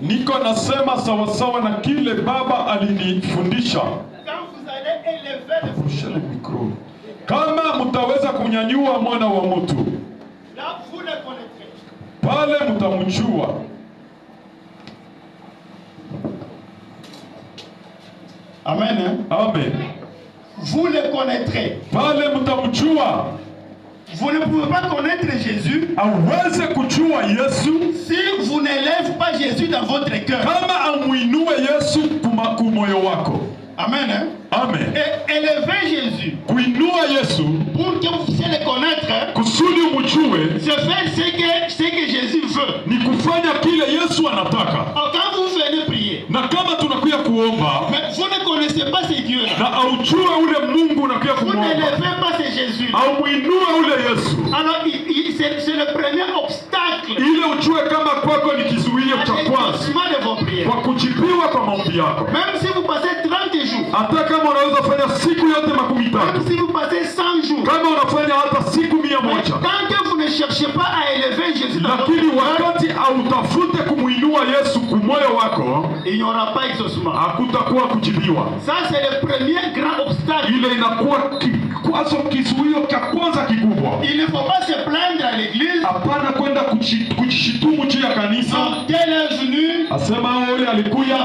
niko nasema sawasawa na kile baba alinifundisha. Kama mtaweza kunyanyua mwana wa mutu pale, mtamjua Amen. Eh? Amen. Vous le connaîtrez. Pale mutamjua Vous ne pouvez pas connaître Jésus si vous n'élèvez pas Jésus dans votre cœur. Hein? Amen. Et élevez Jésus. Pour que vous puissiez le connaître. Hein? Kusudi C'est faire ce que, Jésus veut. quand vous venez prier. kuomba na aujue ule Mungu unakuja kumwomba, auinue ule Yesu ile ujue kama kwako ni kizuio cha kwanza kwa kujibiwa kwa maombi yako, hata kama unaweza fanya siku yote makumi tatu, kama unafanya hata siku mia moja lakini wakati autafute kumwinua Yesu wako hakutakuwa kujibiwa. Sasa le premier grand obstacle, ile inakuwa kikwazo, kizuio cha kwanza kikubwa. Il ne faut pas se plaindre à l'église, hapana kwenda kuchishitumu juu ya kanisa asema ole alikuya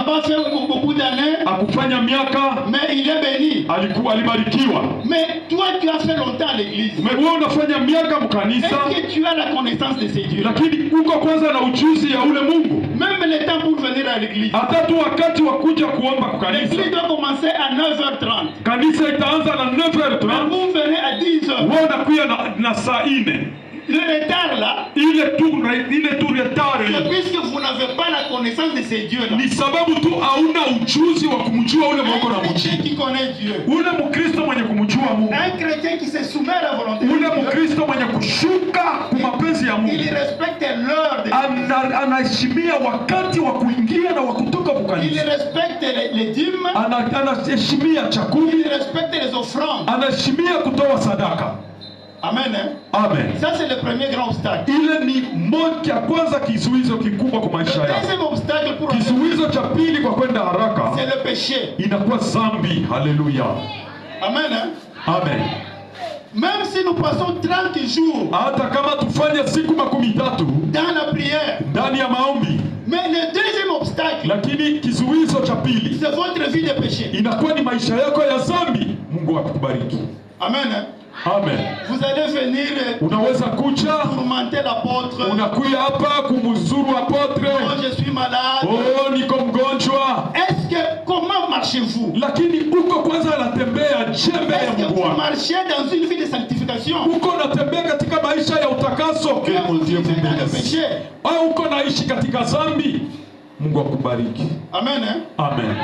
kuja ne akufanya miaka mais il est alikuwa alibarikiwa. Mais toi tu as fait longtemps à l'église, unafanya miaka mkanisa. est tu as la connaissance de ces dieux? Lakini uko kwanza na ujuzi ya ule Mungu? Même le temps pour venir à l'église, hata tu wakati wa kuja kuomba kukanisa kanisa. doit commencer à 9h30, kanisa itaanza na 9h30, vous venez à 10h, wewe unakuja na saa ine le retard là, ile tour ile tour retard Et puisque vous n'avez pas la connaissance de ces dieux là, ni sababu tu auna ujuzi wa kumjua ule Mungu na mchi. Qui connaît Dieu? ule Mkristo mwenye kumjua Mungu, un chrétien qui se soumet à la volonté, ule Mkristo mwenye kushuka kwa mapenzi ya Mungu, il respecte l'heure, de Ana anaheshimia wakati wa kuingia na wa kutoka kwa kanisa, il respecte les dîmes, Ana anaheshimia chakula, il respecte les offrandes, anaheshimia kutoa sadaka Amen. Eh? Amen. Ça c'est le premier grand obstacle. Ile ni moja ya kwanza kizuizo kikubwa kwa maisha yako. Kizuizo cha pili kwa kwenda haraka. C'est le péché. Inakuwa zambi. Haleluya. Amen. Eh? Amen. Même si nous passons 30 jours. Hata kama tufanye siku makumi tatu. Dans la prière. Ndani ya maombi. Mais le deuxième obstacle. Lakini kizuizo cha pili. C'est votre vie de péché. Inakuwa ni maisha yako ya zambi. Mungu akubariki. Amen. Eh? Amen. Vous allez venir unaweza kuja tourmenter hapa kumuzuru apotre. Oh, oh, niko mgonjwa. Lakini uko kwanza anatembea jembe ya Uko natembea katika maisha ya utakaso. Au uko naishi katika zambi Mungu akubariki. Amen. Amen.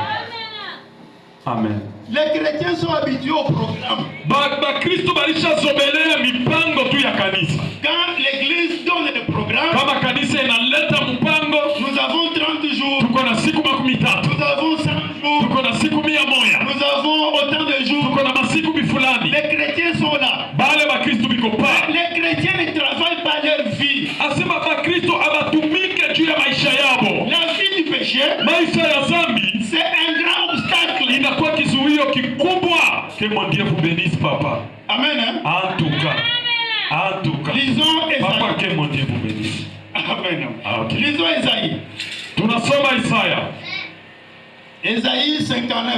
Amen. Bakristo balishazobelea mipango tu ya kanisa. Kama kanisa inaleta mpango, tuko na siku makumi tatu, tuko na siku mia moja, tuko na masiku mifulani, bale bakristo biko pa asema bakristo mkubwa. kubwa. Kemwambia kubenisi papa. Amen. En eh? En tout cas. tout cas. Lisons Esaya. Papa kemwambia kubenisi. Amen. Eh? Okay. Lisons Esaya. Tunasoma Isaya. Esaya 59.